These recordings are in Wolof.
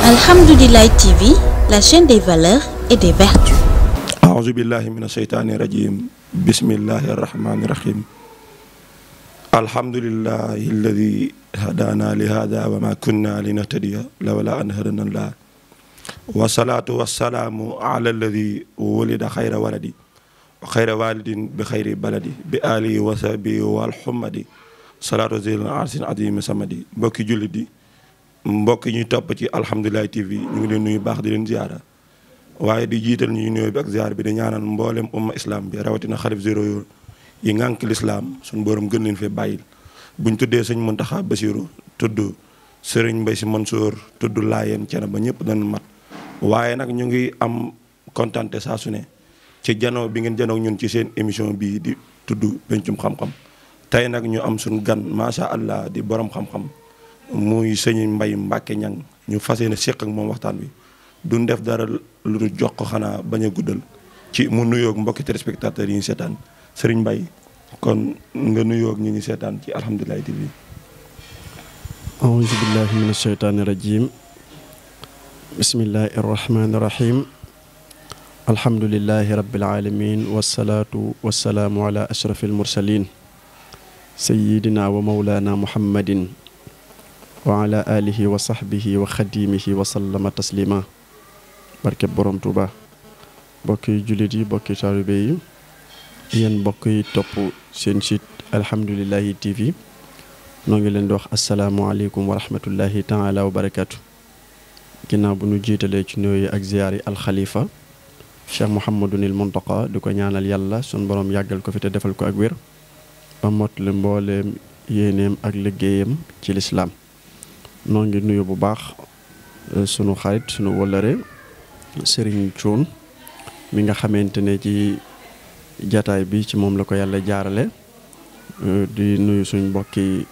Alhamdulillah TV, la chaîne des valeurs et des vertus. أعوذ بالله من الشيطان الرجيم بسم الله الرحمن الرحيم الحمد لله الذي هدانا لهذا وما كنا لنهتدي لولا أن هدانا الله والصلاة والسلام على الذي ولد خير ولدي وخير والد بخير بلدي بآله وصحبه والحمد صلاة ذي العرش العظيم سمدي بوكي جلدي mbokk yi ñuy topp ci alhamdulilah TV ñu ngi leen nuyu baax di leen ziara waaye di jiital ñuy nuyoo bi ak ziar bi di ñaanal mboolem umma islam bi rawatina xalif zéro yooyu yi ngànk lislaam suñu borom gën leen fi bàyyil ñu tuddee sëñ Muntaxa Basiru tudd sëriñ Mbay Si Mansoor tudd Laayeen cene ba ñëpp danu mat waaye nag ñu ngi am kontante saa su ne ci janoo bi ngeen janoo ñun ci seen émission bii di tudd pencum xam-xam tey nag ñu am suñ gan macha allah di borom xam muy sëñ Mbay Mbàkke ñang ñu fase yéene séq ak moom waxtaan bi duñ def dara lu du jox ko xanaa bañ a guddal ci mu nuyook mbokki respectateur yi ñu seetaan sëriñ Mbay kon nga nuyook ñi ñu seetaan ci Alhamdulilah TV auzu billahi min asheytaani rajim bismillahi arrahmani rahim alhamdulilahi rabbil alamin wasalaatu wasalaamu ala ashrafil mursalin sayidina wa maulana muhammadin وعلى آله وصحبه وخديمه وسلم تسليما بارك بروم توبا بوكي جوليدي بوكي شاربي ين بوكي توبو سينشيت الحمد لله تي في نوغي دوخ السلام عليكم ورحمه الله تعالى وبركاته كنا بنو جيتالي سي نوي اك الخليفه شيخ محمد المنتقى دوكو نيانال يالا سون بروم ياغال كو فيتا ديفال كو اك وير با موت لي مبولم يينم اك ليغييم سي الاسلام noo ngi nuyu bu baax euh, sunu xarit sunu wëllëre Serigne Thioune mi nga xamante ne ci jataay bi ci moom la ko yàlla jaarale euh, di nuyu suñ mbokki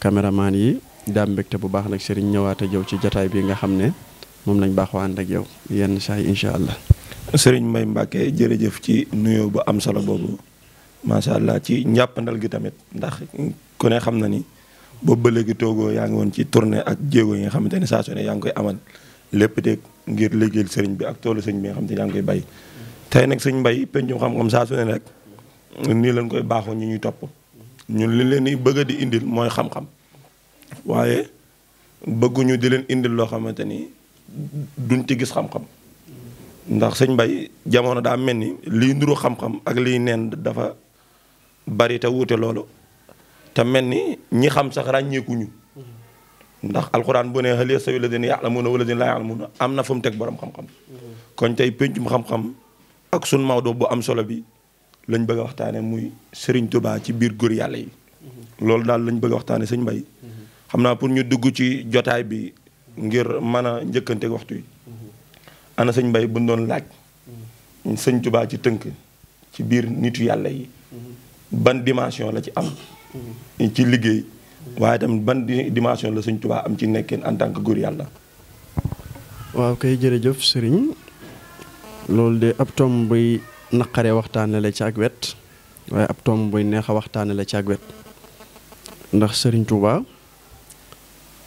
caméraman yi daa mbégte bu baax nag Serigne ñëwaat jëw ci jataay bi nga xam ne moom lañ baaxoo ànd ak yow yenn saa yi incha allah. Serigne Mbaye Mbacke jërëjëf ci nuyoo bu am solo boobu macha allah ci njàppandal gi tamit ndax ku ne xam na ni. boobu ba léegi toogoo yaa ngi woon ci tournée ak jéego yi nga xamante ne saa su ne yaa ngi lépp de ngir liggéeyal sëriñ bi ak toolu sëriñ bi nga xamante ne yaa ngi bay tey nag sëñ mbay pencum xam-xam saa su ne rek nii lañ koy baaxoo ñu ñuy topp ñun li leen di bëgg di indil mooy xam waaye bëgguñu di leen indil loo xamante ni duñ ci gis xam ndax sëñ mbay jamono daa mel ni lii nduru xam-xam ak lii neen dafa bari te wuute loolu te mel ni ñi xam sax ràññeekuñu ndax alxuraan bu ne hal yastawi alladina ya'lamuna walladina laa ya'lamuna am na fu mu teg borom xam-xam. kon tey péncum xam-xam ak sunu Maodo bu am solo bi lañ bëgg a waxtaanee muy Serigne Touba ci biir góor yàlla yi. loolu daal lañ bëgg a waxtaanee sëñ mbay xam naa pour ñu dugg ci jotaay bi ngir mën a njëkkante waxtu yi. ana sëñ Mbaye buñ doon laaj. sëñ tubaa ci tënk ci biir nitu yàlla yi. ban dimension la ci am. Mm. ci liggéey waaye tamit ban dimension la Sëñ Tuubaa am ci nekkeen en tant que yàlla waaw kay jërëjëf sëriñ loolu de ab tom buy naqaree waxtaane la ci ak wet waaye ab tom buy neex a waxtaane la ci ak wet ndax sëriñ Tuubaa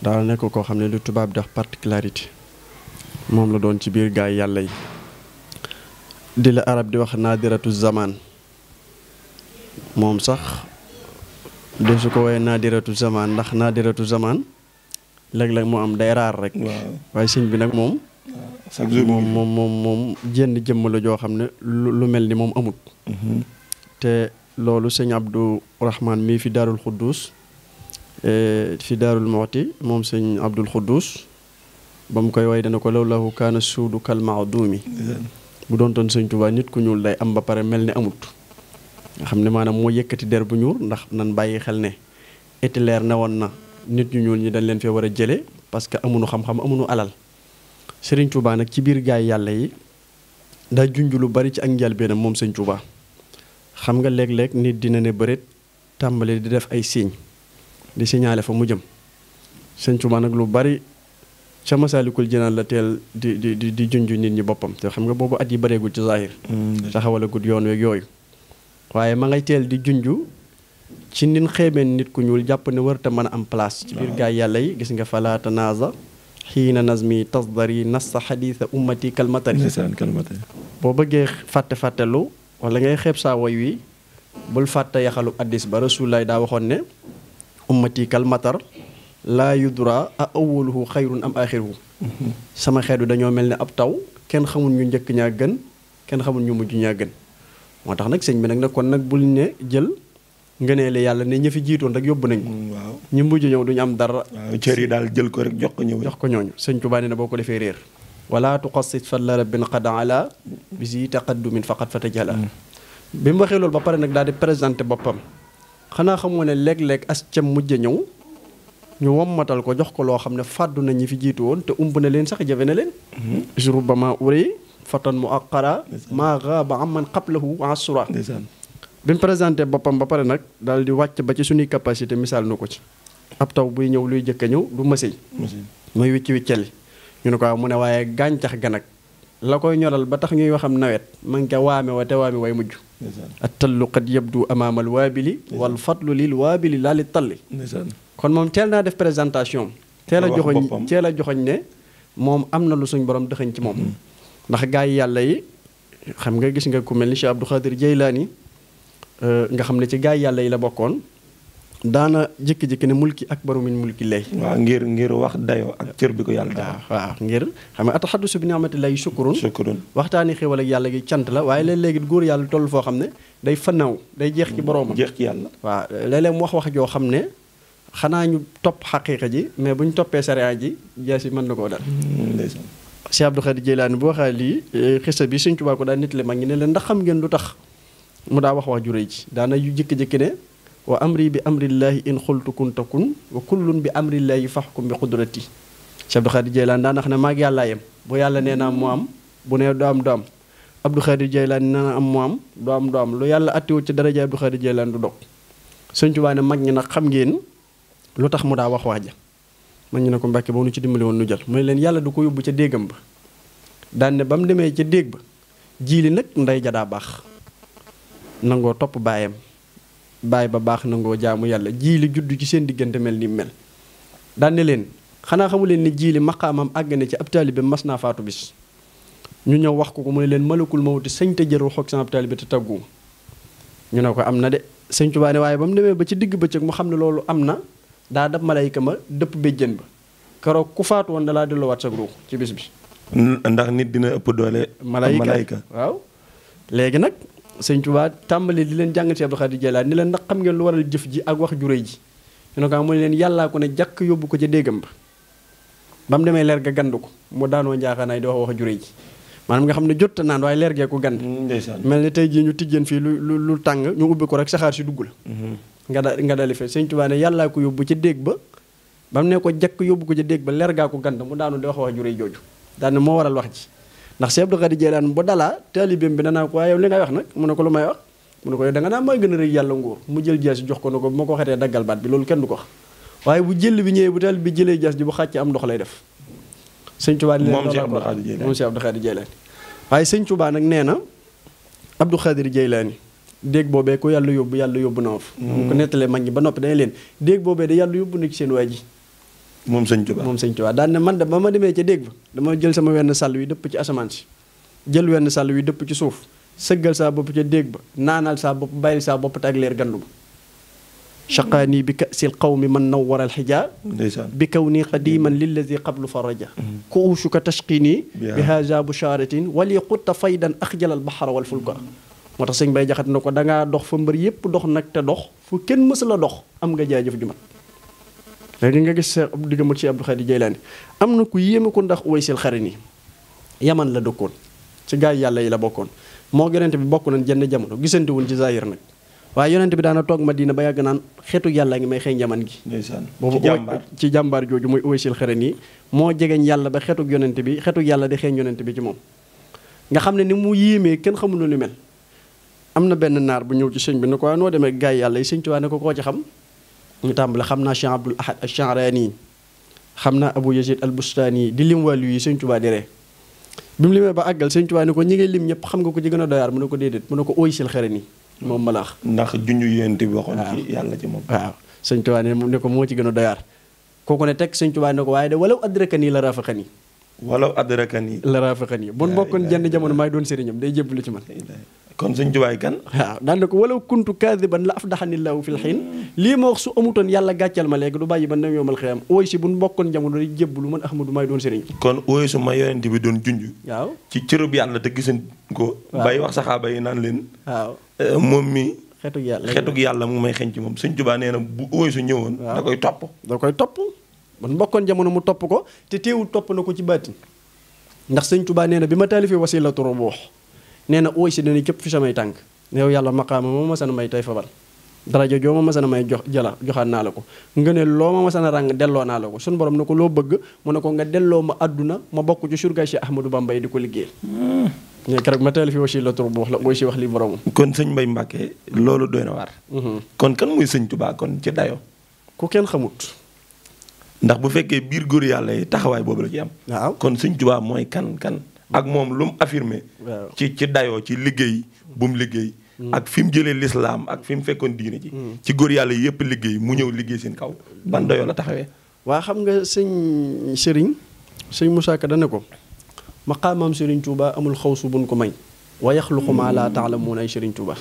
daal nekk ko xam ne di tubaab di wax particularité moom la doon ci biir gaay yàlla yi di la arab di wax naadiratu zamaan moom sax de su ko woowee naadiratu zamaan ndax naadiratu zamaan léeg-léeg mu am day raar rek. waaye sëñ bi nag moom. moom moom moom moom jenn jëmm joo xam ne lu mel ni moom amut. Mhm. te loolu sëñ Abdou Rahman mii fi daarul Khoudous e, fi daarul Moti moom sëñ Abdul Khoudous ba mu koy way dana ko lawlahu kaana suudu kal maadumi bu doon toon sëñ Tuubaa nit ku ñuul day am ba pare mel ni amut. nga xam ne maanaam moo yëkkati der bu ñuul ndax nan bàyyi xel ne Hitler ne woon na nit ñu ñuul ñi dañ leen fee war a jëlee parce que amuñu xam-xam amuñu alal sëriñ Touba nag ci biir gaay yàlla yi ndax junj lu bari ci ak njëlbéenam moom Serigne Touba xam nga léeg-léeg nit dina ne bëreet tàmbali di def ay signes di signaler fa mu jëm Serigne Touba nag lu bari ca Masaalikul Jinaan la teel di di di junj nit ñi boppam te xam nga boobu at yi bareegul ci zahir mm. taxawalagul yoon weeg yooyu. waaye ma ngay teel di junju ci nin xeebeen nit ku ñuul jàpp ne warta mën a am place ci biir gaay yàlla yi gis nga fala tanaaza xiina nazmi tasdari nassa xadiisa ummati kalmatari boo bëggee fàtte fàttelu wala ngay xeeb saa woy wi bul fàtte yaxalu addis ba rasulaay daa waxoon ne ummati kalmatar laa yudra a awaluhu xayrun am axiruhu mhm. sama xeetu dañoo mel ne ab taw kenn xamul ñu njëkk ñaa gën kenn xamul ñu mujj ñaa gën moo tax nag sëñ bi nag nag kon nag bul ne jël ngëneele yàlla ne ña fi jiitoon rek yóbbu nañ ko mm, waaw ñu mujj ñëw duñu am dara waaw cër yi daal jël ko rek jox ko ñëw jox ko ñooñu sëñ Tuubaa na boo ko defee réer wala tuqasit fadla rabbin qad ala bi si taqaddumin faqat fatajala mm. bi mu waxee loolu ba pare nag daal di présenté boppam xanaa xamoo ne léeg-léeg as cam mujj ñëw ñu wommatal ko jox ko loo xam ne fàddu na ñi fi jiitu woon te umb na leen sax jafe na leen jour mm-hmm. ba ma uri فتن مؤقرة نعم. ما غاب عمن قبله عصرة نعم. بن بريزانتي بابا بابا نك دال دي واتي باتي سوني كاباسيتي مثال نوكو تي اب تاو بي نيو لوي جيكا نيو دو مسي موي ويتي ويتيالي ني نكو مو نواي غانتاخ غانك لا كوي نيورال با تخ نيو وخم نويت مانكا وامي و توامي واي موجو التل قد يبدو امام الوابل والفضل للوابل لا للطل كون موم تيلنا ديف بريزانتاسيون تيلا جوخني تيلا جوخني ني موم امنا لو سوني بروم دخن موم ndax gaay yàlla yi xam nga gis nga ku mel ni Cheikh Abdou Khadir Jeylaani euh, nga xam ne ci gaay yàlla yi la bokkoon daana jékki-jékki ne mulki ak min mulki lay waaw ngir ngir wax dayoo ak cër bi ko yàlla waaw waaw ngir xam nga ataxaddusu bi ni'matillahi shukrun shukrun waxtaani xéwal ak yàlla gi cant la waaye léeg-léegi góor yàlla toll foo xam ne day fanaw day jeex ci boroomam jeex ci yàlla waaw léeg-léeg mu wax wax joo xam ne xanaa ñu topp xaqiiqa ji mais bu ñu toppee sariya ji jeex si mën na koo dal hmm, Cheikh Abdou Khadir Jeylaani bu waxaa lii eh, xista bi Sëñ Tuubaa ko daan li mag ñi ne leen ndax xam ngeen lu tax mu daa wax wax ju ji daana yu jëkki-jëkki ne wa amri bi amrillaahi in xultu kun takun wa kullun bi amrillaahi faxkum bi qudrati Cheikh Abdou Khadir Jeylaani daan wax ne maag yàllaa yem bu yàlla nee naa mu am bu nee du am du am Abdou Khadir na am mu am du lu yàlla attiwu ci daraja Abdou Khadir Jeylaani du dog Sëñ Tuubaa ne mag ñi nag xam ngeen lu tax mu daa wax waaja man ñu ne ko mbàkke ba nu ci dimbali woon nu jël mu ne leen yàlla du ko yóbbu ca déegam ba daan ba mu demee ca dégg ba jiili nag ndey ja daa baax nangoo topp baayam baay ba baax nangoo jaamu yàlla jiili juddu ci seen diggante mel ni mel daan leen xanaa xamu leen ni jiili maqaamam àgg na ci ab taalibe mas naa faatu bis ñu ñëw wax ko ko mu ne leen malakul mawti sañ te jël waxoog sama ab taalibe te taggu ñu ne ko am na de sëñ Tuubaa ne waaye ba mu ba ci digg bëccëg mu xam ne loolu am na daa dab malayka ma dëpp béjjën ba keroog ku faatu woon dalaa delluwaat sa ruux ci bis bi. ndax nit dina ëpp doole. malayka waaw léegi nag sëñ Tuubaa tàmbali di leen jàng ci Abdul Xaadir Jilaani ni leen ndax xam ngeen lu waral jëf ji ak wax ju rëy ji ñu ne ko mu ne leen yàllaa ko ne jàkk yóbbu ko ca déggam ba ba mu demee leer ga gandu ko mu daanoo njaaxaanaay di wax wax ju rëy ji maanaam nga xam ne jot naan waaye leer gee ko gand mm, mel ni tey jii ñu tijjeen fii lu lu tàng ñu ubbi ko rek saxaar si dugg la mm-hmm. nga da nga dali fe sëñ ne yalla ko yobbu ci deg ba bam ne ko jakk yobbu ko ci deg ba leer gaa ko gand mu daanu di wax wax juré jooju daane mo waral wax ci ndax Cheikh Abdou Khadre Jeylani bo dala talibem bi nana ko yow li nga wax nak mu ne ko lumay wax mu ne ko da nga na moy gëna a yalla ngor mu jël jaas jox ko nako ko xete dagal bat bi lolou kenn du ko wax waye bu jël bi ñewé bu tal bi jëlé jaas ji bu xacc am ndox lay def sëñ Tuubaa moom Cheikh Abdou Khadre Jeylani waaye waye Tuubaa nag nak neena Abdou khadir Jeylani déeg boobee ko yàlla yóbbu yàlla yóbbu na fa. mu ko nettalee mag ñi ba noppi dañu leen déeg boobee de yàlla yóbbu na ci seen waay ji. moom sëñ Tuubaa moom sëñ Tuubaa daan ne man de ba ma demee ca déeg ba dama jël sama wenn sàll wi dëpp ci asamaan si jël wenn sàll wi dëpp ci suuf sëggal saa bopp ca déeg ba naanal saa bopp bàyyil saa bopp te ak leer gandu ba chaqaanii bi kasil qawmi man nawwara alxija bi kaw nii qadiman lillazi qablu faraja kuushuka tashqinii bi haja busharatin wali qutta faydan axjala albahara walfulka moo tax sëñ bay jaxat na ko dangaa dox fa mbër yépp dox nag te dox fu kenn mës la dox am nga jaajëf ju mat léegi nga gis sa diggamat ci Abdou Khadir Jeylaani am na ku yéeme ko ndax Uwaysil Xarini yaman la dëkkoon ci gaay yàlla yi la bokkoon moo yonente bi bokk nañ jenn jamono gisante wuñ ci zahir nag waaye yonente bi daana toog Madina ba yàgg naan xeetu yàlla ngi may xëy njaman gi boobu ci jàmbaar jooju muy Uwaysil Xarini moo jegeñ yàlla ba xeetuk yonente bi xeetuk yàlla di xeeñ yonente bi ci moom nga xam ne ni mu yéemee kenn xamul lu mel am na benn naar bu ñëw ci sëñ bi ne ko noo demee gaay yàlla yi sëñ Tuubaa ne ko koo ci xam ñu tàmbale xam naa Cheikh Abdul Ahad xam naa Abu Yazid al-Bustani di lim wàllu yi sëñ Tuubaa di ree bi mu limee ba ko ñi ngay lim ñëpp xam nga ko ci gën a doyaar mu ne ko déedéet mu ne ko ooy sil xere ni ndax junj yéen bi waxoon yàlla ci moom waaw sëñ Tuubaa ne ne ko moo ci gën a doyaar kooku ne teg sëñ Tuubaa ne ko waaye de walaw nii la rafaxani walaw adrakani la rafaxani bon bokkoon jenn jamono maay doon sëriñam day jébbalu ci man kon sëñ tubaay kan waaw daan na ko walaw kuntu kaadiban la afdaxanillahu fil xiin lii ma wax su amutoon yàlla gàcceel ma léegi du bàyyi ba na yoomal xiyam ooy si buñ bokkoon jamono di jébbalu man ahmadu may doon sëriñ kon ooy su ma yonent bi doon junj waaw ci cërub yàlla te gisan ko bàyyi wax saxaaba yi naan leen eh, moom mi xetug yàlla xeetug yàlla mu may xeñ ci moom suñ tubaa nee bu ooy su ñëwoon da koy topp da koy topp man mbokkoon jamono mu topp ko te teewul topp na ko ci baatin ndax sëñ tubaa nee bi ma taalifee wasilatu rubuux nee na ooy si dana jëpp fi samay tànk yow yàlla maqaama moo ma a may tey fabal daraja joo ma masan a may jox jala joxaat naa la ko nga ne loo ma masan ràng delloo naa la ko suñu borom ne ko loo bëgg mu ne ko nga delloo ma àdduna ma bokk ci surga Cheikh Ahmadou Bamba yi di ko liggéeyal mais hmm. keroog ma teel fi aussi la la booy si wax li boromam kon sëñ Mbay Mbàkke loolu doy na waar hmm. kon kan muy sëñ Tuubaa kon ci dayo ku kenn xamut ndax bu fekkee biir góor yàlla yi taxawaay boobu la ci am waaw kon sëñ Tuubaa mooy kan kan ak mom lu mu affirmé. ci ci dayo ci liggéey bu mu liggéey. ak fim jele l'islam ak fim fekkon diine ci ci gor yàlla yep liggéey mu ñëw liggéey seen kaw. ban dayo la taxawé wa xam nga sëñ Serigne sëñ Moussa Ka dana ko maqamam Serigne Touba amul khawsu buñ ko may. wa yakhluqu ma la ta'lamuna ay Serigne Touba.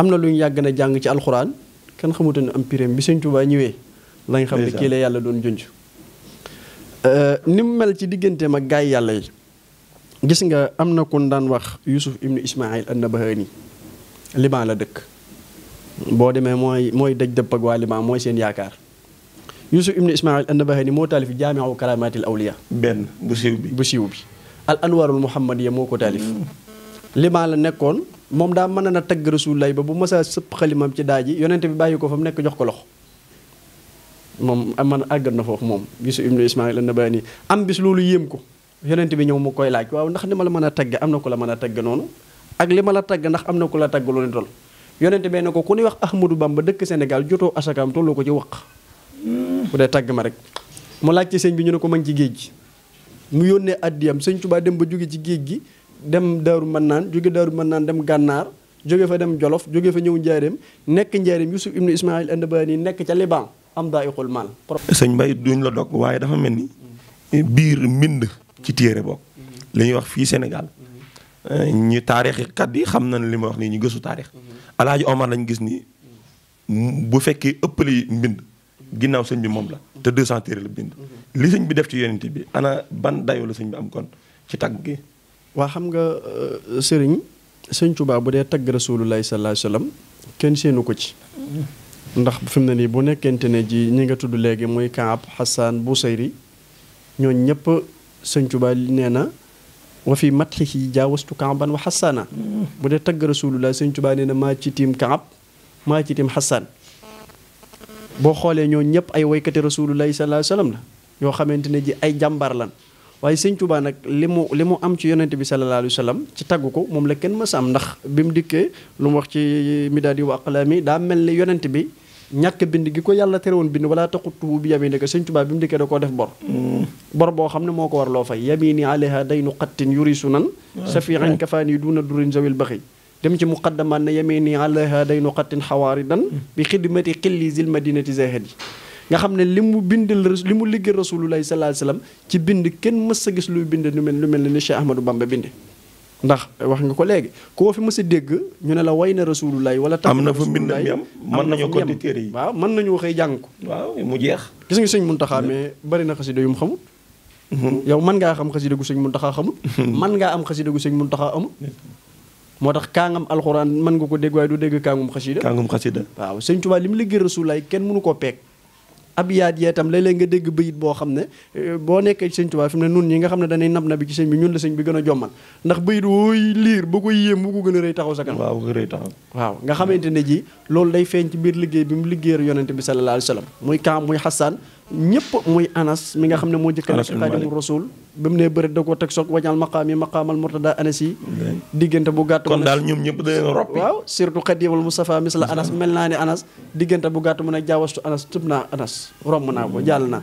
amna luñu yag na jàng ci alquran ken xamute ni am pirem bi sëñ Touba ñewé lañ xam ne la yàlla doon junj. ni nim mel ci digënté ma gaay yàlla yi. gis nga am na kun daan wax Yusuf ibnu Ismaayil an-Nabahani Liban la dëkk boo demee mooy mooy daj dëpp ak waa Liban mooy seen yaakaar Yusuf ibnu Ismaayil an-Nabahani moo taalif jaamiu karaamaatil awliyaa benn bu siiw bi bu siiw bi al anwarul moo ko taalif mm. Liban la nekkoon moom daa mën na tagg Rasulullah ba bu masaa sëpp xalimam ci daa ji yonente bi bàyyi ko fa mu nekk jox ko loxo moom man àggat na foofu moom Yusuf ibnu Ismaayil an-Nabahani am bis loolu yéem ko yonent bi ñëw mu koy laaj waaw ndax ni ma la mën a tagge am na ku la mën a tagge noonu ak li ma la tagg ndax am na ku la tagg lu ne toll yonent bee ne ko ku ni wax Ahmadou Bamba dëkk Sénégal jotoo asakaam tolloo ko ci waq hmm. bu dee tagg ma rek mu laaj ci sëñ bi ñu ne ko ma ngi ci géej gi mu yónnee addiyam sëñ Tuubaa dem ba jóge ci géej gi dem daaru mën naan jóge daaru mën naan dem gànnaar jóge fa dem jolof jóge fa ñëw njaareem nekk njaareem Yusuf ibnu Ismail Andabaani nekk ca Liban am daa iqul maal sëñ Mbay duñ la dog waaye dafa mel ni biir mbind ci téere bokk mm-hmm. li ñuy wax fii Sénégal mm-hmm. ñu taarix kat yi xam na li ma wax nii ñu gëstu taarix mm-hmm. alaaji Omar lañ gis ni bu fekkee ëppali mbind ginnaaw sëñ bi moom la te 200 téere la bind li sëñ bi def ci yonent bi ana ban dayoo la sëñ bi am kon ci tagg gi waa xam nga euh, sëriñ sëñ Tuubaa bu dee tagg rasulullah sallallahu alayhi wasallam kenn séenu ko ci ndax fi mu ne nii bu nekkente ne ji ñi nga tudd léegi muy Kaab Xasaan Busayri ñooñ ñëpp sëñ Tuubaa li nee na wa fi matxihi jaawastu kaaban wa xasaana bu dee tagg rasulullah sëñ Tuubaa nee na maa ci tiim kaab maa ci tiim xasaan boo xoolee ñoo ñëpp ay woykati rasulullah sallallahu alayhi wa la yoo xamante ne ji ay jàmbaar lan waaye sëñ nag li mu li mu am ci yonent bi sallallahu alayhi wa ci tàgg ko moom la kenn mës a am ndax bi mu dikkee lu mu wax ci midaadi wa aqlaami daa mel ni yonente bi ñàkk bind gi ko yàlla tere woon bind wala taxuttuhu bi yaminika sëñ Tuubaa bi mu dikkee da koo def bor mm. bor boo xam ne moo ko war loo fay yamini alayha daynu xattin yurisu nan mm. safian mm. kafaani duuna durin zawil baxi dem ci muqaddamat ne yamini alayha daynu xattin xawaari dan bi xidmati xilli zil madinati zahid yi nga xam ne li mu bindal li mu liggéey rasulullahi sallallahu alayhi wasallam ci bind kenn mës sa gis luy bind lu mel lu mel ne Cheikh Ahmadou Bamba binde ndax wax nga ko léegi koo fi mës a dégg ñu ne la way na rasulullaay wala tax am na fa mbind am mën nañoo ko di téere yi waaw mën nañoo xëy jàng ko waaw mu jeex gis nga sëñ Muntaxa mais bari na xasida yu mu xamul mhm. yow man ngaa xam xasida gu sëñ Muntaxa xamul mhm. mën ngaa am xasida gu sëñ Muntaxa amul moo tax kaangam alxuraan mën nga ko dégg waaye du dégg kaangum xasida kaangum xasida waaw sëñ Tuubaa li mu liggéey rasulullaay kenn mënu koo peek abiyaat yee tam léeg-léeg nga dégg bayit boo xam ne euh, boo nekkee ci sëñ Tuubaa fi mu ne nun ñi nga xam ne danay nab na bi ci sëñ bi ñun la sëñ bi gën a jommal ndax bayit wooy liir ba ko yéem bu ko gën a rëy taxaw sa kanam waaw ko waaw nga xamante ne ji loolu day feeñ ci biir liggéey bi mu liggéeyal yonente bi sallallahu alayhi wa muy kaam muy xasaan ñëpp muy anas mi nga xam ne moo jëkk nekk xaadimu rasul ba mu ne bëri da koo teg soog wañaal maqaam yi maqaamal murtada anas yi diggante bu gàtt ñëpp dañu roppi waaw surtout xadiimal Mustafa mis la anas mel naa ni anas diggante bu gàtt mu ne jaawastu anas tëb naa anas romb naa ko jàll naa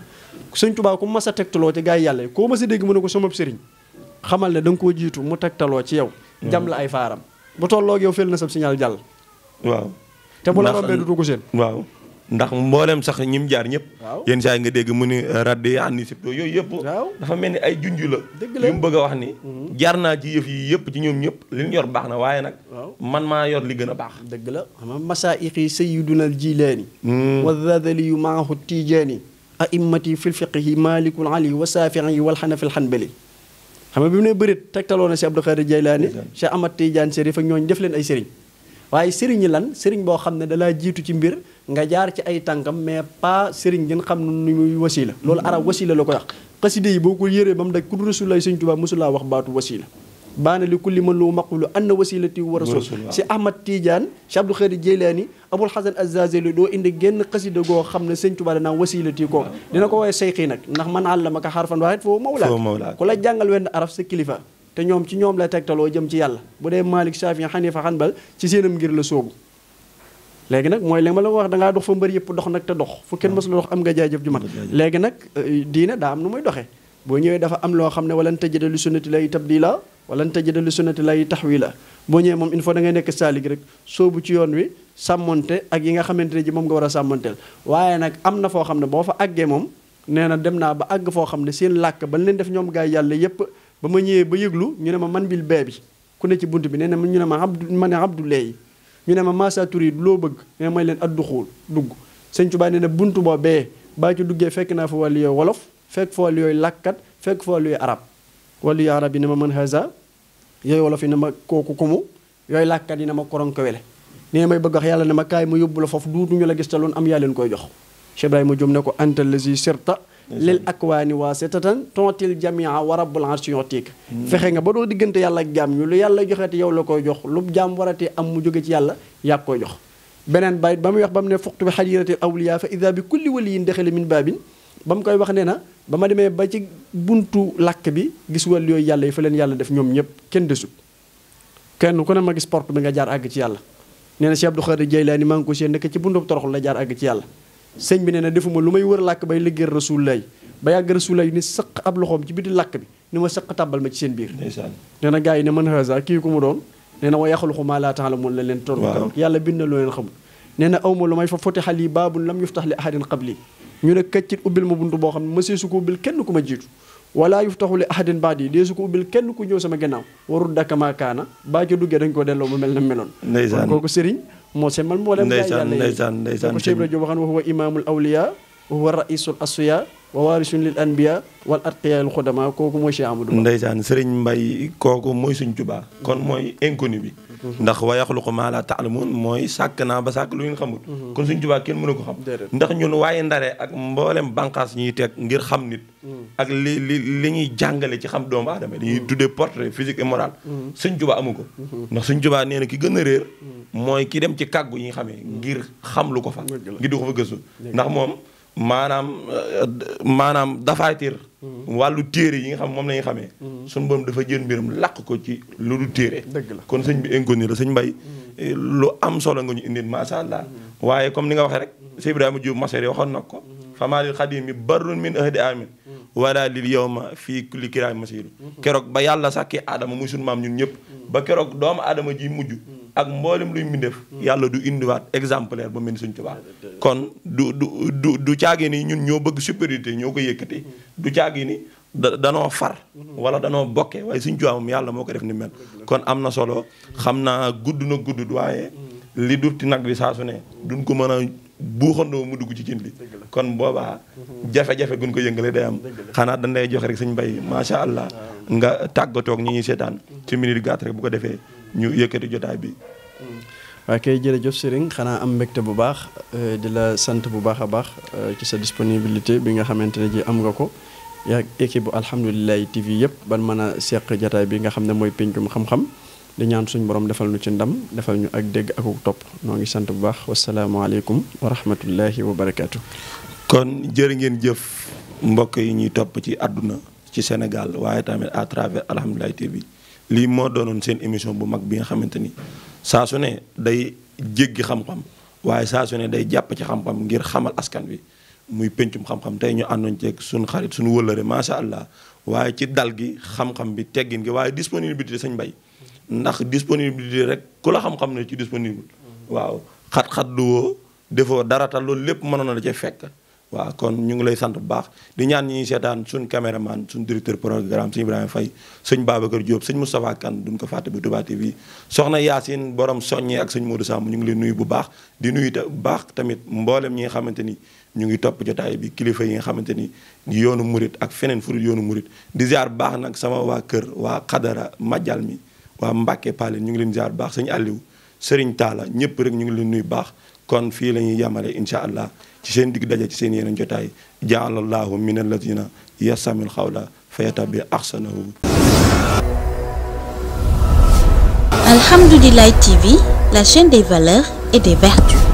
sëñ Tuubaa ku mas a tegtaloo ci gaa yi yàlla koo mas a dégg mu ne ko sama sëriñ xamal ne da nga koo jiitu mu tegtaloo ci yow mm. jam la ay faaram bu tolloog yow fel na sab signal jàll waaw te bu la rombee du dugg seen waaw ndax mboolem sax ñim jaar ñëpp. yenn saa yi nga dégg mu ni euh, rajo yi ànd yooyu yëpp. dafa mel ni ay junj la. li mu bëgg a wax ni. Mhm. jaar naa ci yëf yi yëpp ci ñoom ñëpp li ñu yor baax na waaye nag. man maa yor li gën a baax. dëgg la xam masaayixi sayyiduna al-Jilaani. Mhm. wa Zaadali maahu Tijaani. a'immati fil fiqhi maalikul ali wa saafi'i wal xanafi al xanbali xam nga bi mu ne bërit tegtaloo na si Abdou Khadir Jaylaani. Cheikh Ahmad Tidiane ak ñooñu def leen ay sëriñ waaye sëriñ lan sëriñ boo xam ne dalaa jiitu ci mbir nga jaar ci ay tànkam mais pas sëriñ ngeen xam nu muy wasila loolu arab wasila la ko wax xaside yi boo ko yëree ba mu daj ku rasulullah sëñ Tuubaa mosulaa wax baatu wasila baana li kulli man lu maqulu anna wasilati wa rasul si Ahmad Tidiane si Abdou Khadir Jeylaani Abul doo indi génn xasida goo xam ne sëñ Tuubaa danaa wasilati ko dina ko woowee sayxi nag ndax man àllamaka xarfan waahid foo mawlaa ku la jàngal wenn arab sa kilifa te ñoom ci ñoom la tegtaloo jëm ci yàlla bu dee Malik Shafi Hanifa Hanbal ci seenam ngir la soobu léegi nag mooy li ma la wax dangaa ngaa dox fa mbër yëpp dox nag te dox fu kenn mësul dox am nga jaajëf ju mat léegi nag euh, diine daa am nu muy doxee boo ñëwee dafa am loo xam ne walan tajida li sunnati lay tabdila walan tajida li sunnati lay taxwila boo ñëwee moom il faut da ngay nekk saalig rek soobu ci yoon wi sàmmonte ak yi nga xamante ne ji moom nga war a sàmmonteel waaye nag am na foo xam ne boo fa àggee moom nee na dem naa ba àgg foo xam ne seen làkk ba leen def ñoom gaay yàlla yépp ba ma ñëwee ba yëglu ñu ne ma man bil bee bi ku ne ci bunt bi nee na ñu ne ma abdu ma ne abdu leey ñu ne ma massa turi loo bëgg ne may leen addu xuul dugg sëñ Tuubaa nee na bunt boo bee baa ci duggee fekk naa fa wàllu yooyu wolof fekk fa wàllu yooyu làkkat fekk fa wàllu yooyu arab wàllu yooyu arab yi ne ma man haza yooyu wolof yi ne ma kooku kumu yooyu làkkat yi ne ma koronkowele nee may bëgg wax yàlla ne ma kaay ma yóbbu la foofu duutuñu la gis te loon am yaa leen koy jox Cheikh Ibrahima Diop ne ko antal lazi sirta للأكوان واسطة تنتل جميع ورب العرش يعطيك فخنا بدو دقنت يلا جام يلا يلا جهت يلا كو جخ لب جام ورتي أم مجوجت يلا يا كو جخ بنان بيت بام يخ بام نفقت بحجيرة الأولياء فإذا بكل ولي دخل من باب بام كوي بخنا بام دم بيت بنتو لكبي جسوا ليو يلا يفلن يلا دف نوم يب كن دسوب كان نكون ما جسبرت من جار أجت يلا نحن شاب دخل رجال أنا ما نكون شيء نكتي بندو بترخل لجار أجت يلا sëñ bi neena na defuma lu may wër làkk bay liggéeyal rasulullaay ba yàgg rasulullaay ni sëq ab loxoom ci biti làkk bi ni ma sëq tàbbal ma ci seen biir nee na gars yi ne man hasa kii ku mu doon nee na wa yaxluqu maa laa ta'lamuun la leen tontu keroog yàlla bind na lu leen xamul nee awma lu may fa futiha lii baabun lam yuftax li ahadin qabli ñu ne kaccit ubbil ma buntu boo xam ne mësee su ko ubbil kenn ku ma jiitu wala yuftaxu li ahadin baadi dee su ko ubbil kenn ku ñëw sama gannaaw warul dakamaakaana موسم المولم نيزان نيزان نيزان شيبر جوبان وهو إمام الأولياء وهو رئيس الأصفياء ووارث للأنبياء والأتقياء الخدماء كوكو موشي عمدو نيزان سرين باي كوكو موي سن جوبا كون موي انكوني بي ndax wa yaxluqu maa laa ta'lamuun mooy sàkk naa ba sàkk lu ngeen xamul mhm. kon suñ tubaa kenn mënu ko xam ndax ñun waaye ndare ak mboolem bànqaas ñuy teg ngir xam nit mhm. ak li li li ñuy jàngale ci xam doomu aadama dañuy mhm. tuddee portrait physique et moral suñ tubaa amu ko ndax suñ tubaa nee na ki gën a réer mooy ki dem ci kaggu yi xamee ngir xam lu ko fa ngir di ko fa gëstu ndax moom maanaam euh, maanaam dafaatir mm-hmm. wàllu téere yi nga xam moom la ñu xamee mm-hmm. suñu borom dafa jël mbiram làq ko ci lu du téere kon sëñ bi inconnu la sëñ Mbay mm-hmm. eh, lu am solo nga ñu indil macha allah waaye comme ni nga waxee rek Sëñ Ibrahima Diouf Masar yi waxoon na ko famaa lil xadim bi barrun min ahdi amin wala lil yawma fii kulli kiraay keroog ba yàlla sàkkee aadama muy suñu maam ñun ñëpp ba keroog doomu adama ji mujj ak mboolem luy mbindeef yàlla du indiwaat exemplaire ba mel suñ Sëñ Tuubaa kon du du du du caagee ni ñun ñoo bëgg supériorité ñoo ko yëkkati du caagee ni da danoo far wala danoo bokke waaye suñ Tuubaa moom yàlla moo ko def ni mel kon am na solo xam naa gudd na gudd waaye li durti nag bi saa su ne duñ ko mën a buuxandoo mu dugg ci cin li kon boobaa jafe-jafe guñ ko yëngalee day am xanaa dañ lay joxe rek suñ mbay macha allah nga tàggatoog ñi ñuy seetaan ci minute bu ko defee ñu yëkkati jotaay bi. waaw hmm. kay jërëjëf Serigne xanaa am mbégte bu baax euh, di la sant bu baax a baax euh, ci sa disponibilité bi nga xamante ne ji am nga ko yaa équipe bu alhamdulilahi TV yëpp ban mën a seq jotaay bi nga xam ne mooy pencum xam-xam di ñaan suñu borom defal ñu ci ndam defal ñu ak dégg ak topp noo ngi sant bu baax wasalaamaaleykum wa rahmatullahi wa barakaatu. kon jër ngeen jëf mbokk yi ñuy topp ci àdduna ci Sénégal waaye tamit à travers alhamdulilahi TV. lii moo doonoon seen émission bu mag bi nga xamante ni saa su ne day jéggi xam-xam waaye saa su ne day jàpp ci xam-xam ngir xamal askan wi muy pencum xam-xam tey ñu àndoon ceeg suñu xarit suñu wëllëre macha allah waaye ci dal gi xam-xam bi teggin gi waaye disponibilité sañ bay ndax disponibilité rek ku la xam-xam ne ci disponible mm. waaw xat-xat du woo defoo dara te loolu lépp mënoon na la cee fekk waaw kon ñu ngi lay sant bu baax di ñaan ñi ñuy seetaan suñ caméraman suñ directeur programme suñ Ibrahima Faye suñ Babacar Diop suñ Moustapha Kane duñ ko fàtte bi Touba TV soxna Yacine borom soññee ak suñ Modou Samb ñu ngi leen nuyu bu baax di nuyu bu baax tamit mboolem ñi nga xamante ni ñu ngi topp jotaay bi kilifa yi nga xamante ni yoonu murit ak feneen furut yoonu murit di jaar bu baax nag sama waa kër waa xadara majal mi waa Mbacke Palen ñu ngi leen jaar bu baax suñu Aliou Serigne taala ñëpp rek ñu ngi leen nuyu baax kon fii la ñuy yàmale incha allah ci seen digg daje ci seen yeneen jotaay jaalallahu min alladina yasamil xawla fa yatabi axsanahu Alhamdoulilah TV, la chaîne des valeurs et des vertus.